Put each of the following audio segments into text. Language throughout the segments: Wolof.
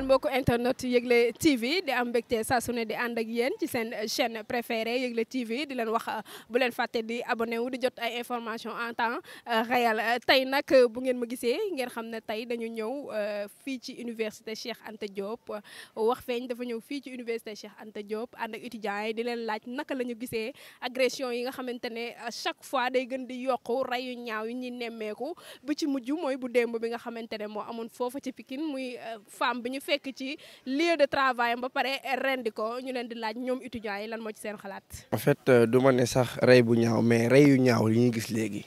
ngeen mbokku internet Yegle TV di am mbégte saa su ne di ànd ak yéen ci sen chaîne préférée Yegle TV di len wax bu len faté di abonné wu di jot ay information en temps euh, réel tay nak euh, bu ngeen ma gissé ngeen xamné tay dañu ñëw euh, fi ci université Cheikh Anta Diop wax feñ dafa ñëw fi ci université Cheikh Anta Diop and ak étudiants di len laaj naka lañu gissé agression yi nga xamantene chaque fois day gën di yokku rayu ñaaw yi ñi néméku bu ci muju moy bu demb bi nga xamantene mo moo fofu ci Pikine muy femme bi ñu fekk ci lieu de travail am ba pare rendi ko ñu leen di laaj ñoom étudiants yi lan moo ci seen xalaat. en fait euh, du ma ne sax rey bu ñaaw mais rey yu ñaaw li ñuy gis léegi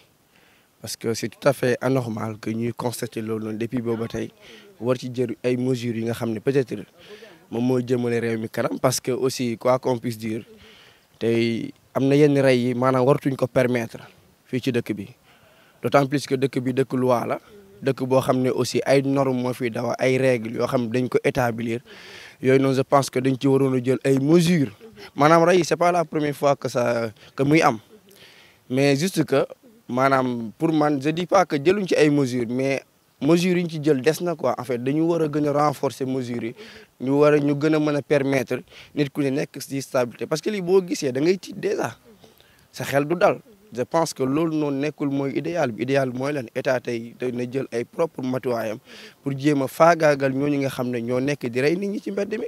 parce que c'est tout à fait anormal que ñuy constater loolu noonu depuis booba tey war ci jër ay mesures yi nga xam ne peut-être moom mooy jëmale réew mi kanam parce que aussi quoi qu'on puisse dire tey am na yenn rey yi maanaam wartuñ ko permettre fii ci dëkk bi d'autant plus que dëkk bi dëkk loi la. dëkk boo xam ne aussi ay normes moo fi dawa ay règles yoo xam ne dañ ko établir yooyu noonu je pense que dañ ci waroon jël ay mesures maanaam rey c'est pas la première fois que ça que muy am mais juste que maanaam pour man je dis pas ci ay mesures mais mesures yi ñu ci jël des na ko en fait dañu war a gën a renforcer mesures ñu war a ñu gën a mën a permettre nit ku ne nekk ci stabilité parce que lii boo gisee da ngay tiit déjà sa xel du dal. je pense que loolu ne nekkul moy idéal bi idéal moy mooy lan état tey na jël ay propre matuwaayam pour djema fagaagal faagaagal nga xamné ne ñoo nekk di rey nit ñi ci mbéd mi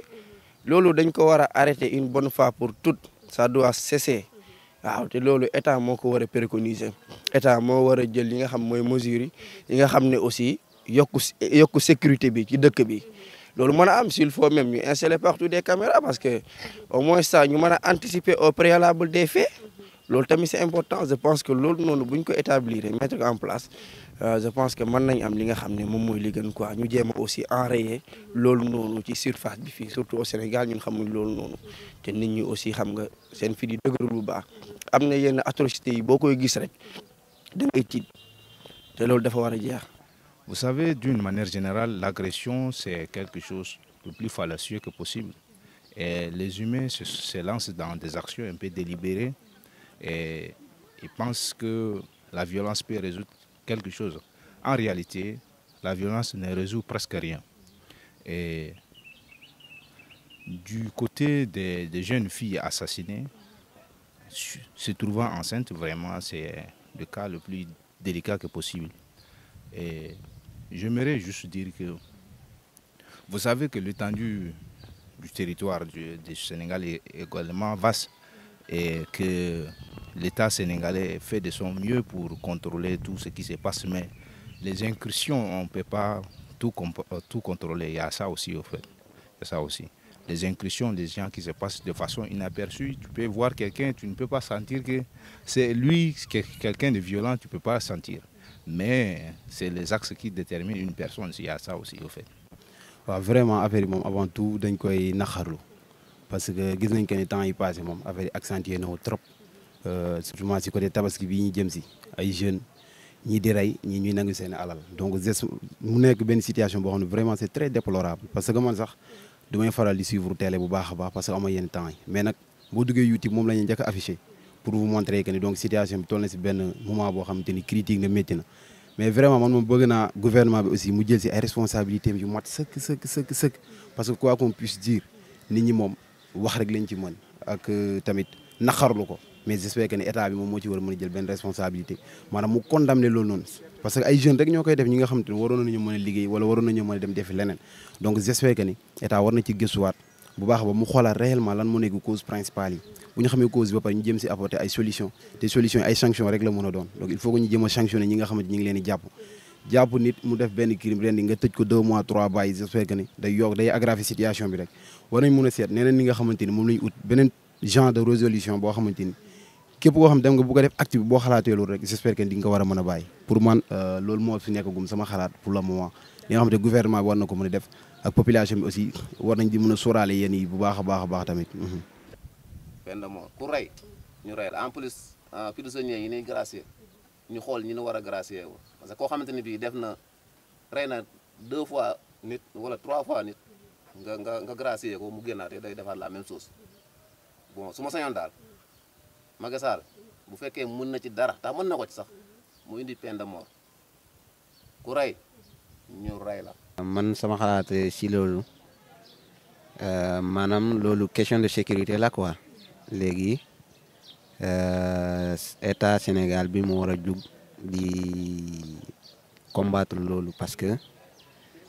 lolu dañ ko wara arrêter une bonne fois pour toutes ça doit cesser waaw té lolu état moko wara préconiser état mo wara jël li nga xam moy mesures yi nga xamné aussi yokku yokku sécurité bi ci dëkk bi lolu mëna a am s'il faut même ñu installer partout des caméras parce que au moins ça ñu mëna anticiper au préalable des faits tamit c'est important je pense que loolu que nous devons ko établir mettre en place euh, je pense que nous nañ am aussi enrayer ce qui ci surface bi surtout au Sénégal Nous devons nit aussi xam nga seen fii di dëgërul bu baax am atrocité atrocités yi boo koy gis rek da ngay tiit te loolu dafa Vous savez, d'une manière générale, l'agression, c'est quelque chose de plus fallacieux que possible. Et les humains se lancent dans des actions un peu délibérées et ils pensent que la violence peut résoudre quelque chose. En réalité, la violence ne résout presque rien. Et du côté des, jeunes filles assassinées, se trouvant enceintes, vraiment, c'est le cas le plus délicat que possible. Et j'aimerais juste dire que vous savez que l'étendue du territoire du, du Sénégal est également vaste et que l'État sénégalais fait de son mieux pour contrôler tout ce qui se passe, mais les incursions, on ne peut pas tout, euh, contrôler. Il y a ça aussi, au fait. Il ça aussi. Les incursions, des gens qui se passent de façon inaperçue, tu peux voir quelqu'un, tu ne peux pas sentir que c'est lui, quelqu'un de violent, tu ne peux pas sentir. Mais c'est les axes qui déterminent une personne, il y a ça aussi, au fait. vraiment avant tout parce que gis que temps il passé surtout euh, si côté tabaski bii ñu jëm si ay jeunes ñii di rey ñii ñuy nangu seen alal donc geste mu nekk benn situation boo xam vraiment c'est très déplorable parce que man sax du may faral di suivre télé bu baax a baax parce que ama yenn temps mais nak, boo duggee YouTube moom la ñuy njëkk pour vous montrer que donc situation bi toll na si benn moment boo xamante ni critique na métier. na mais vraiment man moom bëgg naa gouvernement bi aussi mu jël si ay responsabilités yu mat ce que ce que, parce que quoi qu'on puisse dire nit ñi moom wax rek lañ ci mën ak euh, tamit naqarlu mais j'espère que ne état bi moom moo ci war a mën a jël benn responsabilité maanaam mu condamné loolu noonu parce que ay jeunes rek ñoo koy def ñi nga xam te a liggéey wala waroon nañu mën baax ñu xamee cause bi ba ñu jëm a doon donc il faut a sanctionné ñi nga xamante ñi ngi leen di jàpp jàpp nit mu def benn crime ren di nga tëj ko deux mois trois bàyyi j'espère que ni day yokk ni nga xamante ni moom lañu ut beneen genre de résolution boo xamante ni képp koo xam dem nga bu ko def acte bi boo xalaatee loolu rek j'espère que di nga ko war a mën a bàyyi pour man euh, loolu moo fi nekkagum sama xalaat pour le moment li nga xam ne gouvernement bi war na ko mën a def ak population bi aussi war nañ di mën a sóoraale yéen yi bu baax a baax a baax tamit. Mhm. benn moom ku rey ñu rey la en plus euh, prisonniers yi ñuy gracier ñu xool ñi ñu war a gracier wu parce que koo xamante ni bii def na rey na deux fois nit wala trois fois nit nga nga nga gracier ko mu génnaat day defaat la même chose bon su ma sañoon daal. Macky bu mën na ci dara mën na ko ci sax indi peine de mort ku ray la. man sama xalaat si eh, eh, question de sécurité la quoi euh état Sénégal bi jug di combattre parce que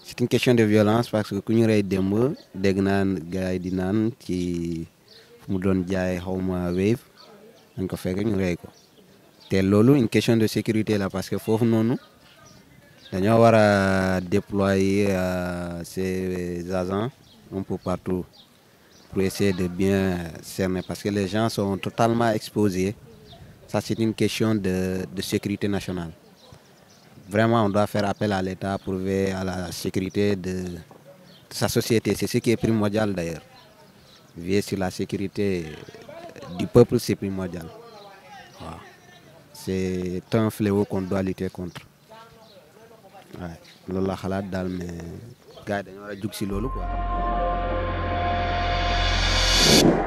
c'est une question de violence parce que ku ñu ray démb qui naan gars di wave c'est une question de sécurité là, parce que foofu noonu dañoo déployer euh, ces agents un peu partout pour essayer de bien cerner parce que les gens sont totalement exposés. Ça, c'est une question de, sécurité nationale. Vraiment, on doit faire appel à l'État pour veiller à la sécurité de, sa société. C'est ce qui est primordial d'ailleurs. vie sur la sécurité du peuple, c'est primordial. C'est un fléau qu'on doit lutter contre. Ouais. loolu la xalaat daal mais gars yi dañu war a si loolu